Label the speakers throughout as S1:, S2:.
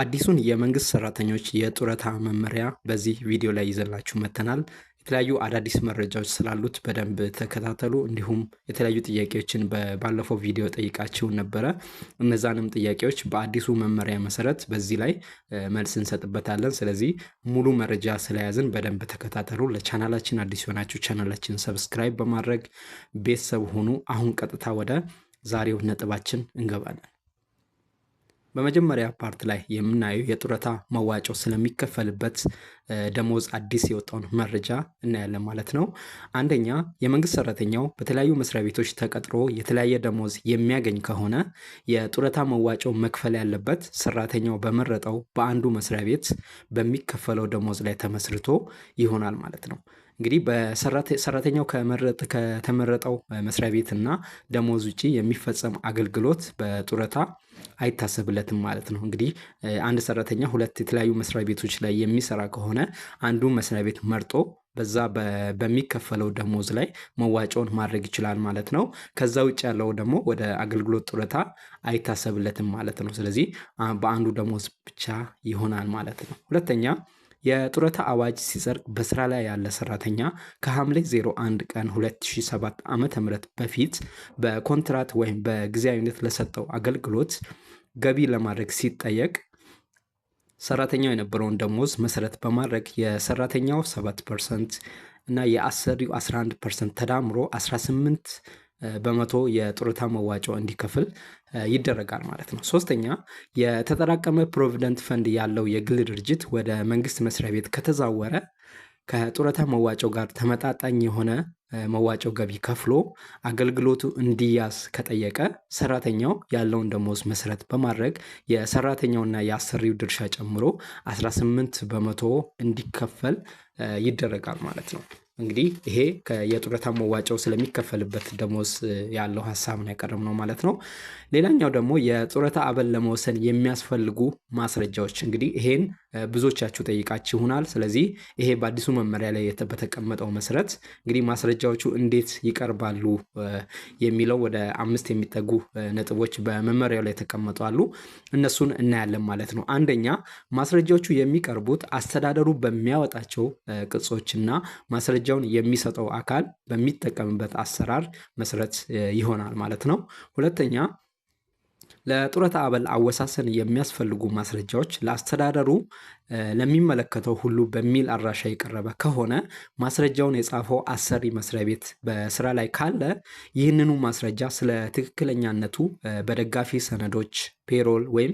S1: አዲሱን የመንግስት ሰራተኞች የጡረታ መመሪያ በዚህ ቪዲዮ ላይ ይዘላችሁ መጥተናል። የተለያዩ አዳዲስ መረጃዎች ስላሉት በደንብ ተከታተሉ። እንዲሁም የተለያዩ ጥያቄዎችን ባለፈው ቪዲዮ ጠይቃችሁ ነበረ። እነዛንም ጥያቄዎች በአዲሱ መመሪያ መሰረት በዚህ ላይ መልስ እንሰጥበታለን። ስለዚህ ሙሉ መረጃ ስለያዝን በደንብ ተከታተሉ። ለቻናላችን አዲስ የሆናችሁ ቻናላችን ሰብስክራይብ በማድረግ ቤተሰብ ሆኑ። አሁን ቀጥታ ወደ ዛሬው ነጥባችን እንገባለን። በመጀመሪያ ፓርት ላይ የምናየው የጡረታ መዋጮ ስለሚከፈልበት ደሞዝ አዲስ የወጣውን መረጃ እናያለን ማለት ነው። አንደኛ የመንግስት ሰራተኛው በተለያዩ መስሪያ ቤቶች ተቀጥሮ የተለያየ ደሞዝ የሚያገኝ ከሆነ የጡረታ መዋጮ መክፈል ያለበት ሰራተኛው በመረጠው በአንዱ መስሪያ ቤት በሚከፈለው ደሞዝ ላይ ተመስርቶ ይሆናል ማለት ነው። እንግዲህ ከመረጥ ከተመረጠው መስሪያ ቤት እና ደሞዝ ውጭ የሚፈጸም አገልግሎት በጡረታ አይታሰብለትም ማለት ነው። እንግዲህ አንድ ሰራተኛ ሁለት የተለያዩ መስሪያ ቤቶች ላይ የሚሰራ ከሆነ አንዱን መስሪያ ቤት መርጦ በዛ በሚከፈለው ደሞዝ ላይ መዋጮውን ማድረግ ይችላል ማለት ነው። ከዛ ውጭ ያለው ደግሞ ወደ አገልግሎት ጡረታ አይታሰብለትም ማለት ነው። ስለዚህ በአንዱ ደሞዝ ብቻ ይሆናል ማለት ነው። ሁለተኛ የጡረታ አዋጅ ሲጸድቅ በስራ ላይ ያለ ሰራተኛ ከሐምሌ 01 ቀን 2007 ዓ ም በፊት በኮንትራት ወይም በጊዜያዊነት ለሰጠው አገልግሎት ገቢ ለማድረግ ሲጠየቅ ሰራተኛው የነበረውን ደሞዝ መሰረት በማድረግ የሰራተኛው 7 ፐርሰንት እና የአሰሪው 11 ፐርሰንት ተዳምሮ 18 በመቶ የጡረታ መዋጮ እንዲከፍል ይደረጋል ማለት ነው። ሶስተኛ የተጠራቀመ ፕሮቪደንት ፈንድ ያለው የግል ድርጅት ወደ መንግስት መስሪያ ቤት ከተዛወረ ከጡረታ መዋጮ ጋር ተመጣጣኝ የሆነ መዋጮ ገቢ ከፍሎ አገልግሎቱ እንዲያዝ ከጠየቀ ሰራተኛው ያለውን ደሞዝ መሰረት በማድረግ የሰራተኛውና የአሰሪው ድርሻ ጨምሮ 18 በመቶ እንዲከፈል ይደረጋል ማለት ነው። እንግዲህ ይሄ የጡረታ መዋጫው ስለሚከፈልበት ደሞዝ ያለው ሀሳብ ነው ያቀረብ ነው ማለት ነው። ሌላኛው ደግሞ የጡረታ አበል ለመወሰን የሚያስፈልጉ ማስረጃዎች እንግዲህ ይሄን ብዙዎቻችሁ ይሆናል ስለዚህ ይሄ በአዲሱ መመሪያ ላይ በተቀመጠው መሰረት እንግዲህ ማስረጃዎቹ እንዴት ይቀርባሉ የሚለው ወደ አምስት የሚጠጉ ነጥቦች በመመሪያው ላይ ተቀመጡ አሉ። እነሱን እናያለን ማለት ነው። አንደኛ ማስረጃዎቹ የሚቀርቡት አስተዳደሩ በሚያወጣቸው ቅጾችና ማስረጃ መረጃውን የሚሰጠው አካል በሚጠቀምበት አሰራር መሰረት ይሆናል ማለት ነው። ሁለተኛ ለጡረታ አበል አወሳሰን የሚያስፈልጉ ማስረጃዎች ለአስተዳደሩ ለሚመለከተው ሁሉ በሚል አድራሻ የቀረበ ከሆነ ማስረጃውን የጻፈው አሰሪ መስሪያ ቤት በስራ ላይ ካለ ይህንኑ ማስረጃ ስለ ትክክለኛነቱ በደጋፊ ሰነዶች፣ ፔሮል ወይም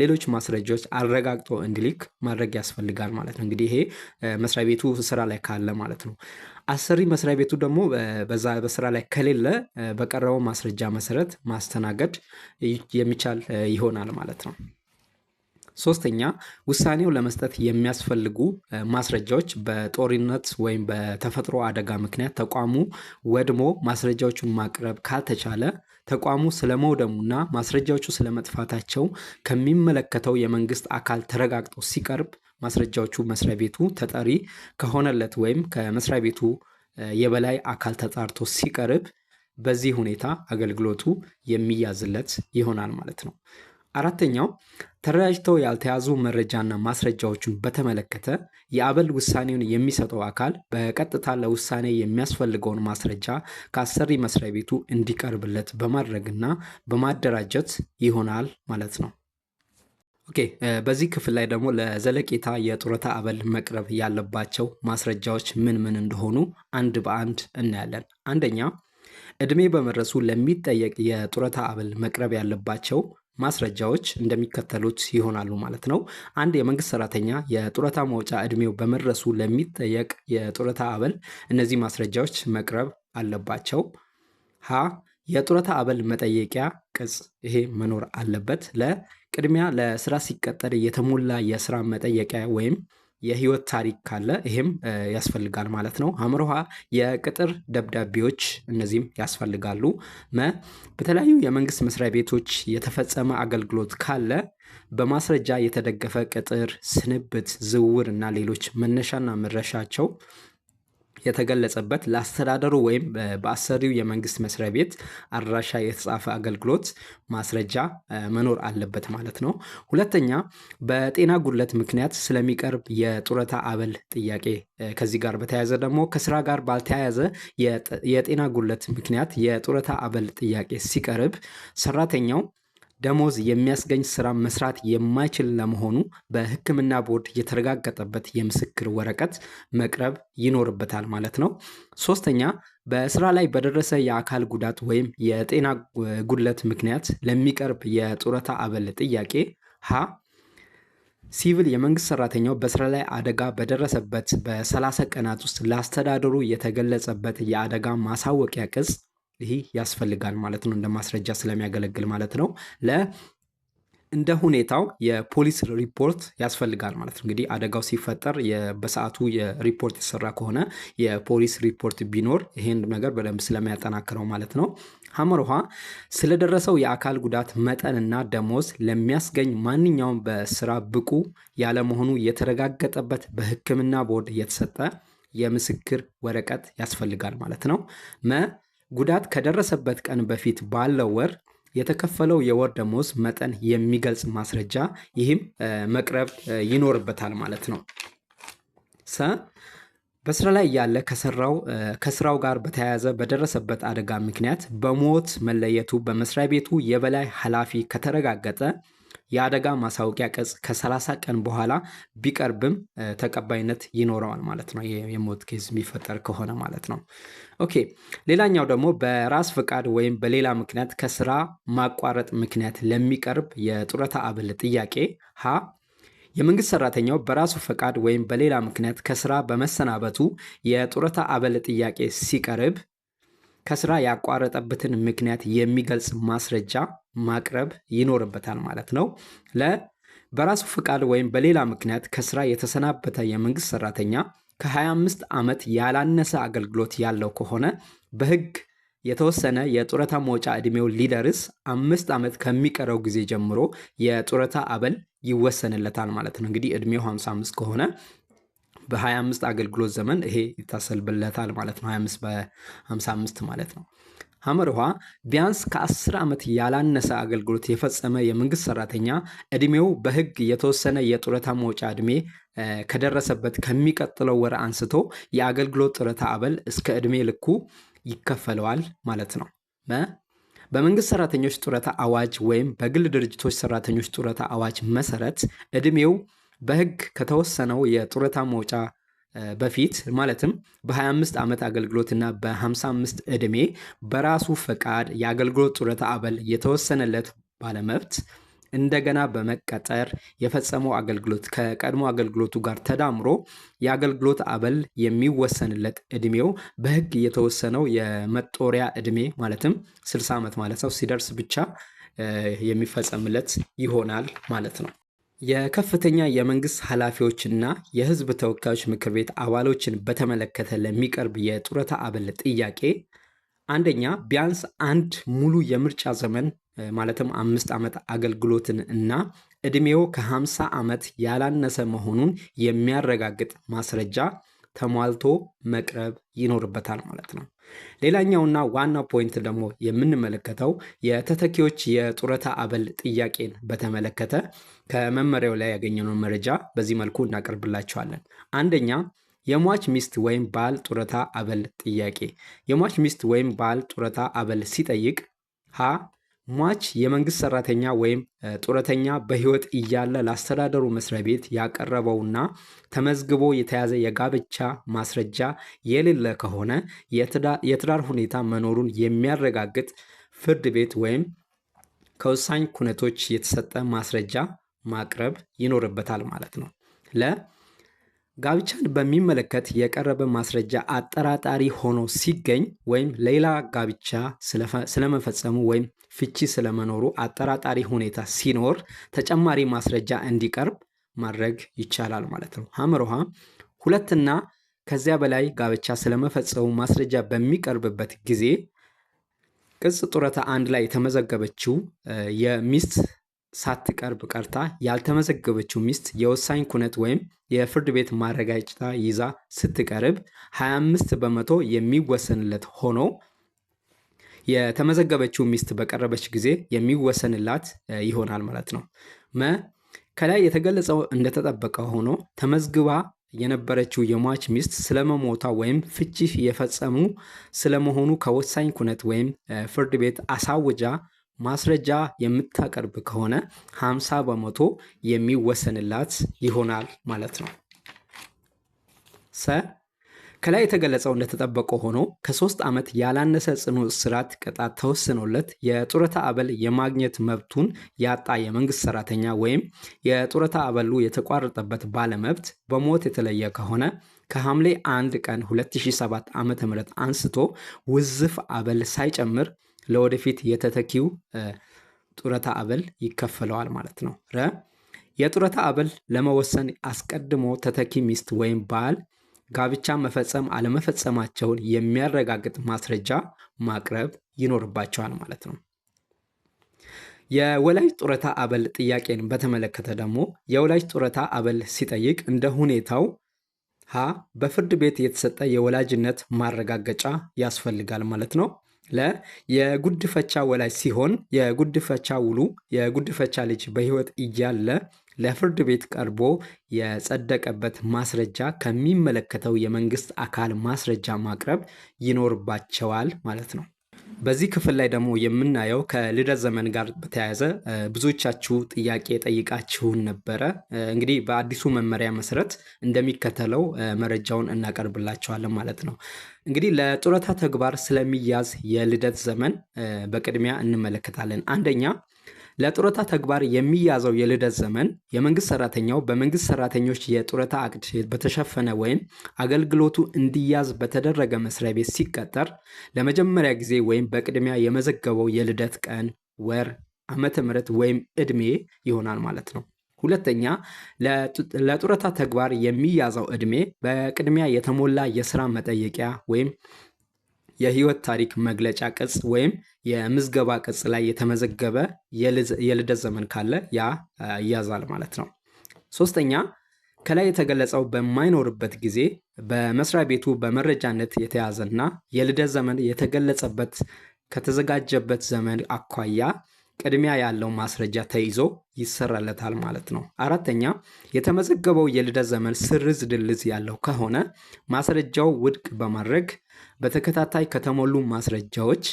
S1: ሌሎች ማስረጃዎች አረጋግጦ እንዲልክ ማድረግ ያስፈልጋል ማለት ነው። እንግዲህ ይሄ መስሪያ ቤቱ ስራ ላይ ካለ ማለት ነው። አሰሪ መስሪያ ቤቱ ደግሞ በዛ በስራ ላይ ከሌለ በቀረበው ማስረጃ መሰረት ማስተናገድ የሚቻል ይሆናል ማለት ነው። ሶስተኛ ውሳኔው ለመስጠት የሚያስፈልጉ ማስረጃዎች በጦርነት ወይም በተፈጥሮ አደጋ ምክንያት ተቋሙ ወድሞ ማስረጃዎቹን ማቅረብ ካልተቻለ ተቋሙ ስለመውደሙና ማስረጃዎቹ ስለመጥፋታቸው ከሚመለከተው የመንግስት አካል ተረጋግጦ ሲቀርብ ማስረጃዎቹ መስሪያ ቤቱ ተጠሪ ከሆነለት ወይም ከመስሪያ ቤቱ የበላይ አካል ተጣርቶ ሲቀርብ በዚህ ሁኔታ አገልግሎቱ የሚያዝለት ይሆናል ማለት ነው። አራተኛው ተደራጅተው ያልተያዙ መረጃና ማስረጃዎችን በተመለከተ የአበል ውሳኔውን የሚሰጠው አካል በቀጥታ ለውሳኔ የሚያስፈልገውን ማስረጃ ከአሰሪ መስሪያ ቤቱ እንዲቀርብለት በማድረግና በማደራጀት ይሆናል ማለት ነው። ኦኬ በዚህ ክፍል ላይ ደግሞ ለዘለቄታ የጡረታ አበል መቅረብ ያለባቸው ማስረጃዎች ምን ምን እንደሆኑ አንድ በአንድ እናያለን። አንደኛ እድሜ በመድረሱ ለሚጠየቅ የጡረታ አበል መቅረብ ያለባቸው ማስረጃዎች እንደሚከተሉት ይሆናሉ ማለት ነው። አንድ የመንግስት ሰራተኛ የጡረታ ማውጫ እድሜው በመድረሱ ለሚጠየቅ የጡረታ አበል እነዚህ ማስረጃዎች መቅረብ አለባቸው። ሀ የጡረታ አበል መጠየቂያ ቅጽ ይሄ መኖር አለበት። ለ ቅድሚያ ለስራ ሲቀጠር የተሞላ የስራ መጠየቂያ ወይም የህይወት ታሪክ ካለ ይሄም ያስፈልጋል ማለት ነው። አምሮሃ የቅጥር ደብዳቤዎች እነዚህም ያስፈልጋሉ። መ በተለያዩ የመንግስት መስሪያ ቤቶች የተፈጸመ አገልግሎት ካለ በማስረጃ የተደገፈ ቅጥር፣ ስንብት፣ ዝውውር እና ሌሎች መነሻና መድረሻቸው የተገለጸበት ለአስተዳደሩ ወይም በአሰሪው የመንግስት መስሪያ ቤት አድራሻ የተጻፈ አገልግሎት ማስረጃ መኖር አለበት ማለት ነው። ሁለተኛ በጤና ጉድለት ምክንያት ስለሚቀርብ የጡረታ አበል ጥያቄ ከዚህ ጋር በተያያዘ ደግሞ ከስራ ጋር ባልተያያዘ የጤና ጉድለት ምክንያት የጡረታ አበል ጥያቄ ሲቀርብ ሰራተኛው ደሞዝ የሚያስገኝ ስራ መስራት የማይችል ለመሆኑ በሕክምና ቦርድ የተረጋገጠበት የምስክር ወረቀት መቅረብ ይኖርበታል ማለት ነው። ሶስተኛ በስራ ላይ በደረሰ የአካል ጉዳት ወይም የጤና ጉድለት ምክንያት ለሚቀርብ የጡረታ አበል ጥያቄ ሀ ሲቪል የመንግስት ሰራተኛው በስራ ላይ አደጋ በደረሰበት በ30 ቀናት ውስጥ ለአስተዳደሩ የተገለጸበት የአደጋ ማሳወቂያ ቅጽ ይህ ያስፈልጋል ማለት ነው። እንደ ማስረጃ ስለሚያገለግል ማለት ነው። ለ እንደ ሁኔታው የፖሊስ ሪፖርት ያስፈልጋል ማለት ነው። እንግዲህ አደጋው ሲፈጠር በሰዓቱ የሪፖርት የተሰራ ከሆነ የፖሊስ ሪፖርት ቢኖር ይህን ነገር በደንብ ስለሚያጠናክረው ማለት ነው። ሐመር ውሃ ስለደረሰው የአካል ጉዳት መጠንና ደሞዝ ለሚያስገኝ ማንኛውም በስራ ብቁ ያለመሆኑ የተረጋገጠበት በሕክምና ቦርድ የተሰጠ የምስክር ወረቀት ያስፈልጋል ማለት ነው። መ ጉዳት ከደረሰበት ቀን በፊት ባለው ወር የተከፈለው የወር ደሞዝ መጠን የሚገልጽ ማስረጃ ይህም መቅረብ ይኖርበታል ማለት ነው። ሰ በስራ ላይ ያለ ከሰራው ከስራው ጋር በተያያዘ በደረሰበት አደጋ ምክንያት በሞት መለየቱ በመስሪያ ቤቱ የበላይ ኃላፊ ከተረጋገጠ የአደጋ ማሳወቂያ ገጽ ከ30 ቀን በኋላ ቢቀርብም ተቀባይነት ይኖረዋል ማለት ነው። የሞት ኬዝ የሚፈጠር ከሆነ ማለት ነው። ኦኬ ሌላኛው ደግሞ በራስ ፍቃድ ወይም በሌላ ምክንያት ከስራ ማቋረጥ ምክንያት ለሚቀርብ የጡረታ አበል ጥያቄ ሀ የመንግስት ሰራተኛው በራሱ ፈቃድ ወይም በሌላ ምክንያት ከስራ በመሰናበቱ የጡረታ አበል ጥያቄ ሲቀርብ ከስራ ያቋረጠበትን ምክንያት የሚገልጽ ማስረጃ ማቅረብ ይኖርበታል ማለት ነው። ለ በራሱ ፍቃድ ወይም በሌላ ምክንያት ከስራ የተሰናበተ የመንግስት ሰራተኛ ከ25 ዓመት ያላነሰ አገልግሎት ያለው ከሆነ በህግ የተወሰነ የጡረታ መውጫ ዕድሜው ሊደርስ አምስት ዓመት ከሚቀረው ጊዜ ጀምሮ የጡረታ አበል ይወሰንለታል ማለት ነው። እንግዲህ ዕድሜው 55 ከሆነ በ25 አገልግሎት ዘመን ይሄ ይታሰልብለታል ማለት ነው። 25 በ55 ማለት ነው። ውሃ ቢያንስ ከ10 ዓመት ያላነሰ አገልግሎት የፈጸመ የመንግስት ሰራተኛ እድሜው በህግ የተወሰነ የጡረታ መውጫ እድሜ ከደረሰበት ከሚቀጥለው ወር አንስቶ የአገልግሎት ጡረታ አበል እስከ እድሜ ልኩ ይከፈለዋል ማለት ነው። በመንግስት ሰራተኞች ጡረታ አዋጅ ወይም በግል ድርጅቶች ሰራተኞች ጡረታ አዋጅ መሰረት እድሜው በህግ ከተወሰነው የጡረታ መውጫ በፊት ማለትም በ25 ዓመት አገልግሎትና በ55 ዕድሜ በራሱ ፈቃድ የአገልግሎት ጡረታ አበል የተወሰነለት ባለመብት እንደገና በመቀጠር የፈጸመው አገልግሎት ከቀድሞ አገልግሎቱ ጋር ተዳምሮ የአገልግሎት አበል የሚወሰንለት እድሜው በሕግ የተወሰነው የመጦሪያ እድሜ ማለትም 60 ዓመት ማለት ነው ሲደርስ ብቻ የሚፈጸምለት ይሆናል ማለት ነው። የከፍተኛ የመንግስት ኃላፊዎችና የህዝብ ተወካዮች ምክር ቤት አባሎችን በተመለከተ ለሚቀርብ የጡረታ አበል ጥያቄ አንደኛ ቢያንስ አንድ ሙሉ የምርጫ ዘመን ማለትም አምስት ዓመት አገልግሎትን እና ዕድሜው ከ50 ዓመት ያላነሰ መሆኑን የሚያረጋግጥ ማስረጃ ተሟልቶ መቅረብ ይኖርበታል ማለት ነው። ሌላኛውና ዋናው ፖይንት ደግሞ የምንመለከተው የተተኪዎች የጡረታ አበል ጥያቄን በተመለከተ ከመመሪያው ላይ ያገኘነውን መረጃ በዚህ መልኩ እናቀርብላቸዋለን። አንደኛ የሟች ሚስት ወይም ባል ጡረታ አበል ጥያቄ የሟች ሚስት ወይም ባል ጡረታ አበል ሲጠይቅ ሀ ሟች የመንግስት ሰራተኛ ወይም ጡረተኛ በህይወት እያለ ለአስተዳደሩ መስሪያ ቤት ያቀረበውና ተመዝግቦ የተያዘ የጋብቻ ማስረጃ የሌለ ከሆነ የትዳር ሁኔታ መኖሩን የሚያረጋግጥ ፍርድ ቤት ወይም ከወሳኝ ኩነቶች የተሰጠ ማስረጃ ማቅረብ ይኖርበታል ማለት ነው። ለ ጋብቻን በሚመለከት የቀረበ ማስረጃ አጠራጣሪ ሆኖ ሲገኝ ወይም ሌላ ጋብቻ ስለመፈጸሙ ወይም ፍቺ ስለመኖሩ አጠራጣሪ ሁኔታ ሲኖር ተጨማሪ ማስረጃ እንዲቀርብ ማድረግ ይቻላል ማለት ነው። ውሃ ሁለትና ከዚያ በላይ ጋብቻ ስለመፈጸሙ ማስረጃ በሚቀርብበት ጊዜ ቅጽ ጡረታ አንድ ላይ የተመዘገበችው የሚስት ሳትቀርብ ቀርታ ያልተመዘገበችው ሚስት የወሳኝ ኩነት ወይም የፍርድ ቤት ማረጋገጫ ይዛ ስትቀርብ 25 በመቶ የሚወሰንለት ሆኖ የተመዘገበችው ሚስት በቀረበች ጊዜ የሚወሰንላት ይሆናል ማለት ነው። መ ከላይ የተገለጸው እንደተጠበቀ ሆኖ ተመዝግባ የነበረችው የሟች ሚስት ስለመሞቷ ወይም ፍቺ የፈጸሙ ስለመሆኑ ከወሳኝ ኩነት ወይም ፍርድ ቤት አሳውጃ ማስረጃ የምታቀርብ ከሆነ 50 በመቶ የሚወሰንላት ይሆናል ማለት ነው። ሰ ከላይ የተገለጸው እንደተጠበቀ ሆኖ ከሶስት ዓመት ያላነሰ ጽኑ እስራት ቅጣት ተወስኖለት የጡረታ አበል የማግኘት መብቱን ያጣ የመንግስት ሰራተኛ ወይም የጡረታ አበሉ የተቋረጠበት ባለመብት በሞት የተለየ ከሆነ ከሐምሌ 1 ቀን 2007 ዓ.ም አንስቶ ውዝፍ አበል ሳይጨምር ለወደፊት የተተኪው ጡረታ አበል ይከፈለዋል ማለት ነው። ረ የጡረታ አበል ለመወሰን አስቀድሞ ተተኪ ሚስት ወይም ባል ጋብቻ መፈጸም አለመፈጸማቸውን የሚያረጋግጥ ማስረጃ ማቅረብ ይኖርባቸዋል ማለት ነው። የወላጅ ጡረታ አበል ጥያቄን በተመለከተ ደግሞ የወላጅ ጡረታ አበል ሲጠይቅ እንደ ሁኔታው ሀ በፍርድ ቤት የተሰጠ የወላጅነት ማረጋገጫ ያስፈልጋል ማለት ነው። ለ የጉድፈቻ ወላጅ ሲሆን የጉድፈቻ ውሉ የጉድፈቻ ልጅ በሕይወት እያለ ለፍርድ ቤት ቀርቦ የጸደቀበት ማስረጃ ከሚመለከተው የመንግስት አካል ማስረጃ ማቅረብ ይኖርባቸዋል ማለት ነው። በዚህ ክፍል ላይ ደግሞ የምናየው ከልደት ዘመን ጋር በተያያዘ ብዙዎቻችሁ ጥያቄ ጠይቃችሁን ነበረ። እንግዲህ በአዲሱ መመሪያ መሰረት እንደሚከተለው መረጃውን እናቀርብላቸዋለን ማለት ነው። እንግዲህ ለጡረታ ተግባር ስለሚያዝ የልደት ዘመን በቅድሚያ እንመለከታለን። አንደኛ ለጡረታ ተግባር የሚያዘው የልደት ዘመን የመንግስት ሰራተኛው በመንግስት ሰራተኞች የጡረታ አቅድ በተሸፈነ ወይም አገልግሎቱ እንዲያዝ በተደረገ መስሪያ ቤት ሲቀጠር ለመጀመሪያ ጊዜ ወይም በቅድሚያ የመዘገበው የልደት ቀን፣ ወር፣ ዓመተ ምህረት ወይም ዕድሜ ይሆናል ማለት ነው። ሁለተኛ ለጡረታ ተግባር የሚያዘው ዕድሜ በቅድሚያ የተሞላ የስራ መጠየቂያ ወይም የህይወት ታሪክ መግለጫ ቅጽ ወይም የምዝገባ ቅጽ ላይ የተመዘገበ የልደት ዘመን ካለ ያ እያዛል ማለት ነው። ሶስተኛ ከላይ የተገለጸው በማይኖርበት ጊዜ በመስሪያ ቤቱ በመረጃነት የተያዘና የልደት ዘመን የተገለጸበት ከተዘጋጀበት ዘመን አኳያ ቅድሚያ ያለው ማስረጃ ተይዞ ይሰራለታል ማለት ነው። አራተኛ የተመዘገበው የልደት ዘመን ስርዝ ድልዝ ያለው ከሆነ ማስረጃው ውድቅ በማድረግ በተከታታይ ከተሞሉ ማስረጃዎች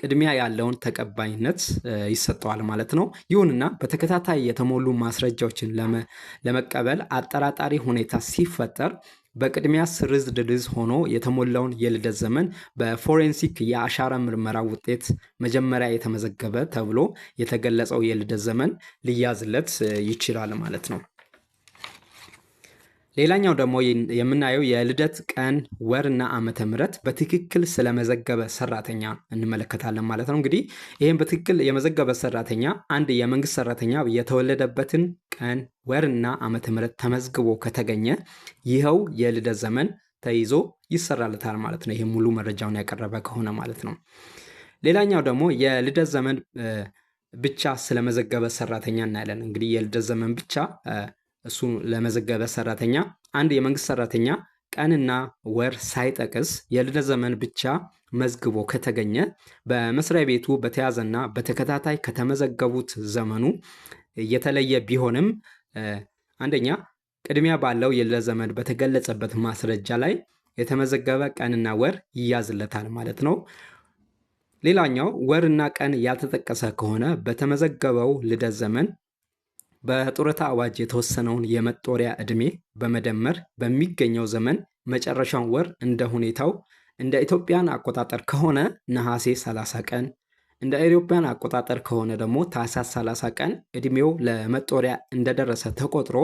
S1: ቅድሚያ ያለውን ተቀባይነት ይሰጠዋል ማለት ነው። ይሁንና በተከታታይ የተሞሉ ማስረጃዎችን ለመቀበል አጠራጣሪ ሁኔታ ሲፈጠር በቅድሚያ ስርዝ ድርዝ ሆኖ የተሞላውን የልደት ዘመን በፎሬንሲክ የአሻራ ምርመራ ውጤት መጀመሪያ የተመዘገበ ተብሎ የተገለጸው የልደት ዘመን ሊያዝለት ይችላል ማለት ነው። ሌላኛው ደግሞ የምናየው የልደት ቀን ወርና ዓመተ ምሕረት በትክክል ስለመዘገበ ሰራተኛ እንመለከታለን ማለት ነው። እንግዲህ ይህም በትክክል የመዘገበ ሰራተኛ አንድ የመንግስት ሰራተኛ የተወለደበትን ቀን ወርና ዓመተ ምሕረት ተመዝግቦ ከተገኘ ይኸው የልደት ዘመን ተይዞ ይሰራለታል ማለት ነው። ይህ ሙሉ መረጃውን ያቀረበ ከሆነ ማለት ነው። ሌላኛው ደግሞ የልደት ዘመን ብቻ ስለመዘገበ ሰራተኛ እናያለን። እንግዲህ የልደት ዘመን ብቻ እሱ ለመዘገበ ሰራተኛ አንድ የመንግስት ሰራተኛ ቀንና ወር ሳይጠቅስ የልደት ዘመን ብቻ መዝግቦ ከተገኘ በመስሪያ ቤቱ በተያዘና በተከታታይ ከተመዘገቡት ዘመኑ የተለየ ቢሆንም አንደኛ ቅድሚያ ባለው የልደት ዘመን በተገለጸበት ማስረጃ ላይ የተመዘገበ ቀንና ወር ይያዝለታል ማለት ነው። ሌላኛው ወርና ቀን ያልተጠቀሰ ከሆነ በተመዘገበው ልደት ዘመን በጡረታ አዋጅ የተወሰነውን የመጦሪያ ዕድሜ በመደመር በሚገኘው ዘመን መጨረሻውን ወር እንደ ሁኔታው እንደ ኢትዮጵያን አቆጣጠር ከሆነ ነሐሴ 30 ቀን እንደ አውሮፓውያን አቆጣጠር ከሆነ ደግሞ ታህሳስ 30 ቀን ዕድሜው ለመጦሪያ እንደደረሰ ተቆጥሮ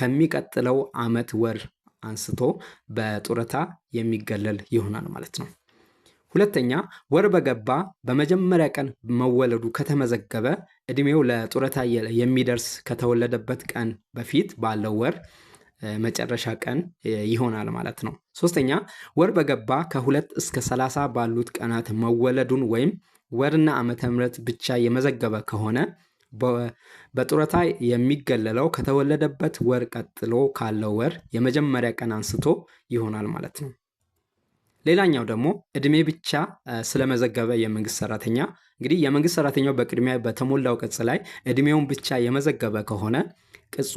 S1: ከሚቀጥለው ዓመት ወር አንስቶ በጡረታ የሚገለል ይሆናል ማለት ነው። ሁለተኛ ወር በገባ በመጀመሪያ ቀን መወለዱ ከተመዘገበ እድሜው ለጡረታ የሚደርስ ከተወለደበት ቀን በፊት ባለው ወር መጨረሻ ቀን ይሆናል ማለት ነው። ሶስተኛ ወር በገባ ከሁለት እስከ ሰላሳ ባሉት ቀናት መወለዱን ወይም ወርና ዓመተ ምሕረት ብቻ የመዘገበ ከሆነ በጡረታ የሚገለለው ከተወለደበት ወር ቀጥሎ ካለው ወር የመጀመሪያ ቀን አንስቶ ይሆናል ማለት ነው። ሌላኛው ደግሞ እድሜ ብቻ ስለመዘገበ የመንግስት ሰራተኛ እንግዲህ የመንግስት ሰራተኛው በቅድሚያ በተሞላው ቅጽ ላይ እድሜውን ብቻ የመዘገበ ከሆነ ቅጹ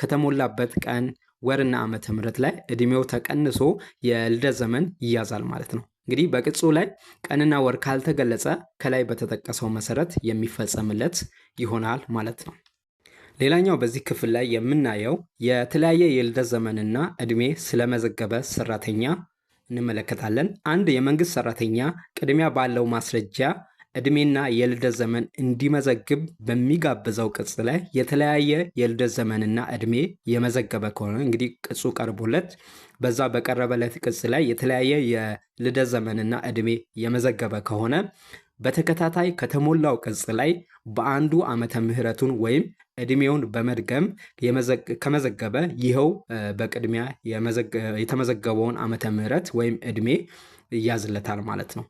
S1: ከተሞላበት ቀን ወርና ዓመተ ምህረት ላይ እድሜው ተቀንሶ የልደት ዘመን ይያዛል ማለት ነው። እንግዲህ በቅጹ ላይ ቀንና ወር ካልተገለጸ ከላይ በተጠቀሰው መሰረት የሚፈጸምለት ይሆናል ማለት ነው። ሌላኛው በዚህ ክፍል ላይ የምናየው የተለያየ የልደት ዘመንና እድሜ ስለመዘገበ ሰራተኛ እንመለከታለን። አንድ የመንግስት ሰራተኛ ቅድሚያ ባለው ማስረጃ እድሜና የልደት ዘመን እንዲመዘግብ በሚጋብዘው ቅጽ ላይ የተለያየ የልደት ዘመንና እድሜ የመዘገበ ከሆነ እንግዲህ ቅጹ ቀርቦለት በዛ በቀረበለት ቅጽ ላይ የተለያየ የልደት ዘመንና እድሜ የመዘገበ ከሆነ በተከታታይ ከተሞላው ቅጽ ላይ በአንዱ ዓመተ ምሕረቱን ወይም እድሜውን በመድገም ከመዘገበ ይኸው በቅድሚያ የተመዘገበውን ዓመተ ምህረት ወይም እድሜ ይያዝለታል ማለት ነው።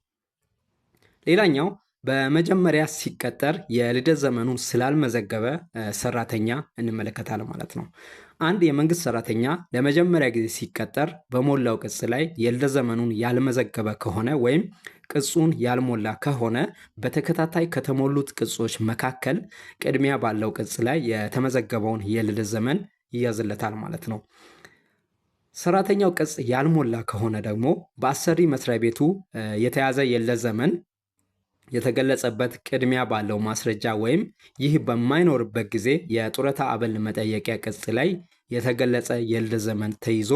S1: ሌላኛው በመጀመሪያ ሲቀጠር የልደት ዘመኑን ስላልመዘገበ ሰራተኛ እንመለከታለን ማለት ነው። አንድ የመንግስት ሰራተኛ ለመጀመሪያ ጊዜ ሲቀጠር በሞላው ቅጽ ላይ የልደት ዘመኑን ያልመዘገበ ከሆነ ወይም ቅጹን ያልሞላ ከሆነ በተከታታይ ከተሞሉት ቅጾች መካከል ቅድሚያ ባለው ቅጽ ላይ የተመዘገበውን የልደት ዘመን ይያዝለታል ማለት ነው። ሰራተኛው ቅጽ ያልሞላ ከሆነ ደግሞ በአሰሪ መስሪያ ቤቱ የተያዘ የልደት ዘመን የተገለጸበት ቅድሚያ ባለው ማስረጃ ወይም ይህ በማይኖርበት ጊዜ የጡረታ አበል መጠየቂያ ቅጽ ላይ የተገለጸ የልደት ዘመን ተይዞ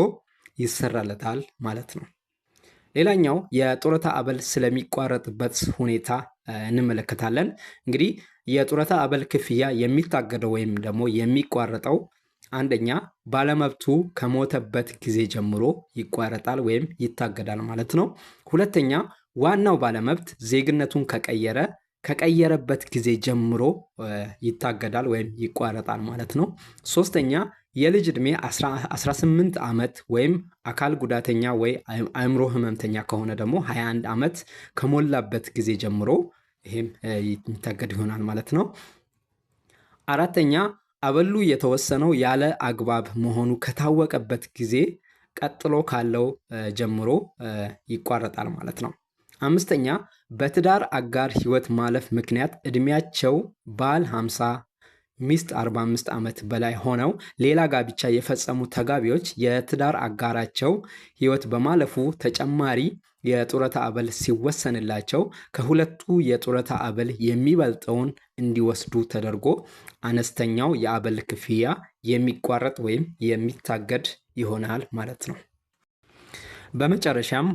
S1: ይሰራለታል ማለት ነው። ሌላኛው የጡረታ አበል ስለሚቋረጥበት ሁኔታ እንመለከታለን። እንግዲህ የጡረታ አበል ክፍያ የሚታገደው ወይም ደግሞ የሚቋረጠው አንደኛ ባለመብቱ ከሞተበት ጊዜ ጀምሮ ይቋረጣል ወይም ይታገዳል ማለት ነው። ሁለተኛ ዋናው ባለመብት ዜግነቱን ከቀየረ ከቀየረበት ጊዜ ጀምሮ ይታገዳል ወይም ይቋረጣል ማለት ነው። ሶስተኛ የልጅ ዕድሜ 18 ዓመት ወይም አካል ጉዳተኛ ወይ አእምሮ ህመምተኛ ከሆነ ደግሞ 21 ዓመት ከሞላበት ጊዜ ጀምሮ ይህም የሚታገድ ይሆናል ማለት ነው። አራተኛ አበሉ የተወሰነው ያለ አግባብ መሆኑ ከታወቀበት ጊዜ ቀጥሎ ካለው ጀምሮ ይቋረጣል ማለት ነው። አምስተኛ በትዳር አጋር ህይወት ማለፍ ምክንያት እድሜያቸው ባል 50 ሚስት 45 ዓመት በላይ ሆነው ሌላ ጋብቻ የፈጸሙ ተጋቢዎች የትዳር አጋራቸው ሕይወት በማለፉ ተጨማሪ የጡረታ አበል ሲወሰንላቸው ከሁለቱ የጡረታ አበል የሚበልጠውን እንዲወስዱ ተደርጎ አነስተኛው የአበል ክፍያ የሚቋረጥ ወይም የሚታገድ ይሆናል ማለት ነው። በመጨረሻም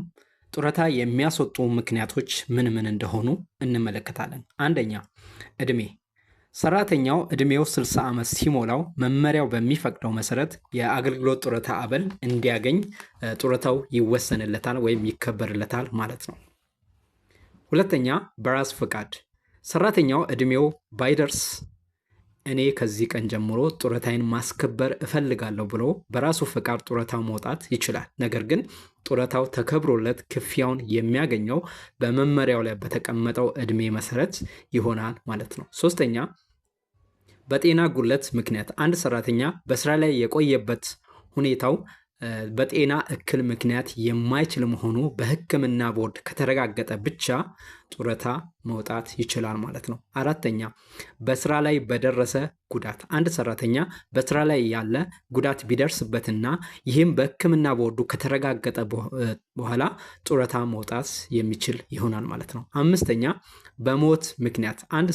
S1: ጡረታ የሚያስወጡ ምክንያቶች ምን ምን እንደሆኑ እንመለከታለን። አንደኛ እድሜ ሰራተኛው ዕድሜው 60 ዓመት ሲሞላው መመሪያው በሚፈቅደው መሰረት የአገልግሎት ጡረታ አበል እንዲያገኝ ጡረታው ይወሰንለታል ወይም ይከበርለታል ማለት ነው። ሁለተኛ በራስ ፈቃድ ሰራተኛው ዕድሜው ባይደርስ እኔ ከዚህ ቀን ጀምሮ ጡረታዬን ማስከበር እፈልጋለሁ ብሎ በራሱ ፈቃድ ጡረታ መውጣት ይችላል። ነገር ግን ጡረታው ተከብሮለት ክፍያውን የሚያገኘው በመመሪያው ላይ በተቀመጠው ዕድሜ መሰረት ይሆናል ማለት ነው። ሶስተኛ በጤና ጉድለት ምክንያት አንድ ሰራተኛ በስራ ላይ የቆየበት ሁኔታው በጤና እክል ምክንያት የማይችል መሆኑ በሕክምና ቦርድ ከተረጋገጠ ብቻ ጡረታ መውጣት ይችላል ማለት ነው። አራተኛ በስራ ላይ በደረሰ ጉዳት፣ አንድ ሰራተኛ በስራ ላይ ያለ ጉዳት ቢደርስበትና ይህም በሕክምና ቦርዱ ከተረጋገጠ በኋላ ጡረታ መውጣት የሚችል ይሆናል ማለት ነው። አምስተኛ በሞት ምክንያት አንድ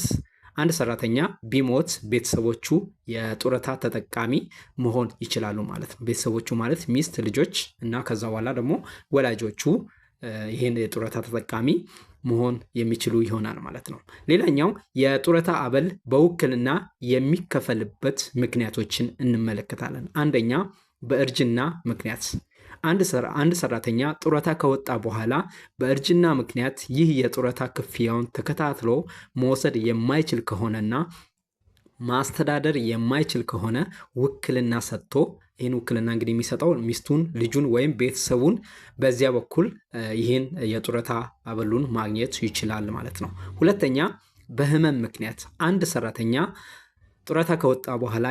S1: አንድ ሰራተኛ ቢሞት ቤተሰቦቹ የጡረታ ተጠቃሚ መሆን ይችላሉ ማለት ነው። ቤተሰቦቹ ማለት ሚስት፣ ልጆች እና ከዛ በኋላ ደግሞ ወላጆቹ ይህን የጡረታ ተጠቃሚ መሆን የሚችሉ ይሆናል ማለት ነው። ሌላኛው የጡረታ አበል በውክልና የሚከፈልበት ምክንያቶችን እንመለከታለን። አንደኛ በእርጅና ምክንያት አንድ ሰራተኛ ጡረታ ከወጣ በኋላ በእርጅና ምክንያት ይህ የጡረታ ክፍያውን ተከታትሎ መውሰድ የማይችል ከሆነና ማስተዳደር የማይችል ከሆነ ውክልና ሰጥቶ ይህን ውክልና እንግዲህ የሚሰጠው ሚስቱን፣ ልጁን ወይም ቤተሰቡን በዚያ በኩል ይህን የጡረታ አበሉን ማግኘት ይችላል ማለት ነው። ሁለተኛ በህመም ምክንያት አንድ ሰራተኛ ጡረታ ከወጣ በኋላ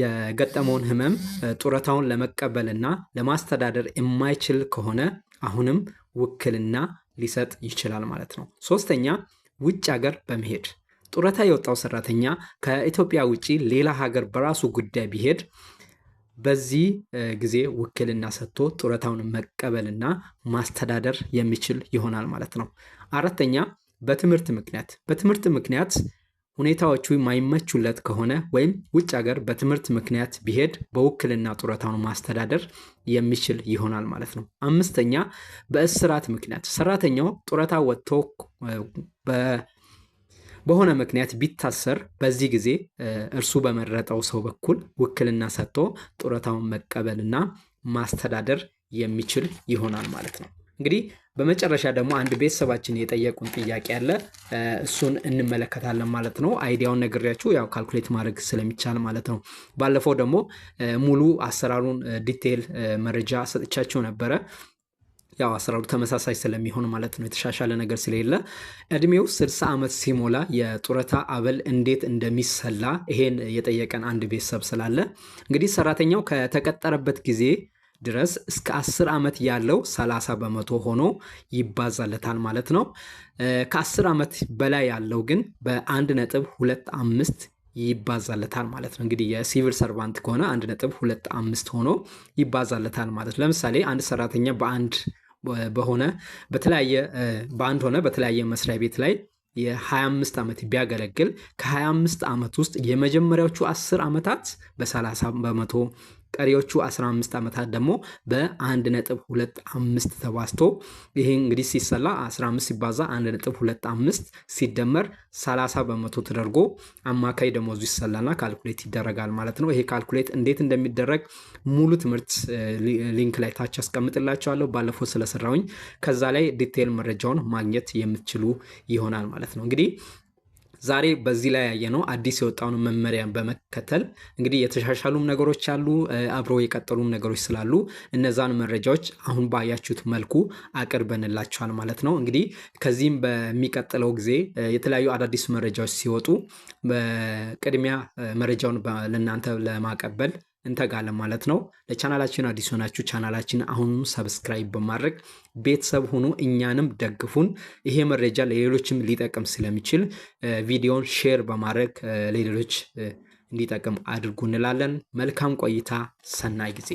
S1: የገጠመውን ህመም ጡረታውን ለመቀበልና ለማስተዳደር የማይችል ከሆነ አሁንም ውክልና ሊሰጥ ይችላል ማለት ነው። ሶስተኛ ውጭ ሀገር በመሄድ ጡረታ የወጣው ሰራተኛ ከኢትዮጵያ ውጭ ሌላ ሀገር በራሱ ጉዳይ ቢሄድ በዚህ ጊዜ ውክልና ሰጥቶ ጡረታውን መቀበልና ማስተዳደር የሚችል ይሆናል ማለት ነው። አራተኛ በትምህርት ምክንያት በትምህርት ምክንያት ሁኔታዎቹ የማይመቹለት ከሆነ ወይም ውጭ ሀገር በትምህርት ምክንያት ቢሄድ በውክልና ጡረታውን ማስተዳደር የሚችል ይሆናል ማለት ነው። አምስተኛ በእስራት ምክንያት ሰራተኛው ጡረታ ወጥቶ በሆነ ምክንያት ቢታሰር በዚህ ጊዜ እርሱ በመረጠው ሰው በኩል ውክልና ሰጥቶ ጡረታውን መቀበልና ማስተዳደር የሚችል ይሆናል ማለት ነው። እንግዲህ በመጨረሻ ደግሞ አንድ ቤተሰባችን የጠየቁን ጥያቄ አለ። እሱን እንመለከታለን ማለት ነው። አይዲያውን ነግሬያችሁ ያው ካልኩሌት ማድረግ ስለሚቻል ማለት ነው። ባለፈው ደግሞ ሙሉ አሰራሩን ዲቴይል መረጃ ሰጥቻችሁ ነበረ። ያው አሰራሩ ተመሳሳይ ስለሚሆን ማለት ነው የተሻሻለ ነገር ስለሌለ እድሜው ስልሳ ዓመት ሲሞላ የጡረታ አበል እንዴት እንደሚሰላ ይሄን የጠየቀን አንድ ቤተሰብ ስላለ እንግዲህ ሰራተኛው ከተቀጠረበት ጊዜ ድረስ እስከ 10 ዓመት ያለው 30 በመቶ ሆኖ ይባዛለታል ማለት ነው። ከ10 ዓመት በላይ ያለው ግን በአንድ ነጥብ ሁለት አምስት ይባዛለታል ማለት ነው። እንግዲህ የሲቪል ሰርቫንት ከሆነ አንድ ነጥብ ሁለት አምስት ሆኖ ይባዛለታል ማለት ነው። ለምሳሌ አንድ ሰራተኛ በአንድ በሆነ በተለያየ በአንድ ሆነ በተለያየ መስሪያ ቤት ላይ የ25 ዓመት ቢያገለግል ከ25 ዓመት ውስጥ የመጀመሪያዎቹ 10 ዓመታት በ30 በመቶ ቀሪዎቹ 15 ዓመታት ደግሞ በ1.25 ተባዝቶ ይህ እንግዲህ ሲሰላ 15 ሲባዛ 1.25 ሲደመር 30 በመቶ ተደርጎ አማካይ ደሞዙ ይሰላና ካልኩሌት ይደረጋል ማለት ነው። ይሄ ካልኩሌት እንዴት እንደሚደረግ ሙሉ ትምህርት ሊንክ ላይ ታች ያስቀምጥላቸዋለሁ ባለፈው ስለሰራውኝ ከዛ ላይ ዲቴይል መረጃውን ማግኘት የምትችሉ ይሆናል ማለት ነው እንግዲህ ዛሬ በዚህ ላይ ያየነው አዲስ የወጣውን መመሪያ በመከተል እንግዲህ የተሻሻሉም ነገሮች አሉ፣ አብሮ የቀጠሉም ነገሮች ስላሉ እነዛን መረጃዎች አሁን ባያችሁት መልኩ አቅርበንላችኋል ማለት ነው። እንግዲህ ከዚህም በሚቀጥለው ጊዜ የተለያዩ አዳዲስ መረጃዎች ሲወጡ በቅድሚያ መረጃውን ለእናንተ ለማቀበል እንተጋለን ማለት ነው። ለቻናላችን አዲስ ሆናችሁ ቻናላችን አሁኑም ሰብስክራይብ በማድረግ ቤተሰብ ሁኑ፣ እኛንም ደግፉን። ይሄ መረጃ ለሌሎችም ሊጠቅም ስለሚችል ቪዲዮን ሼር በማድረግ ለሌሎች እንዲጠቅም አድርጉ እንላለን። መልካም ቆይታ፣ ሰናይ ጊዜ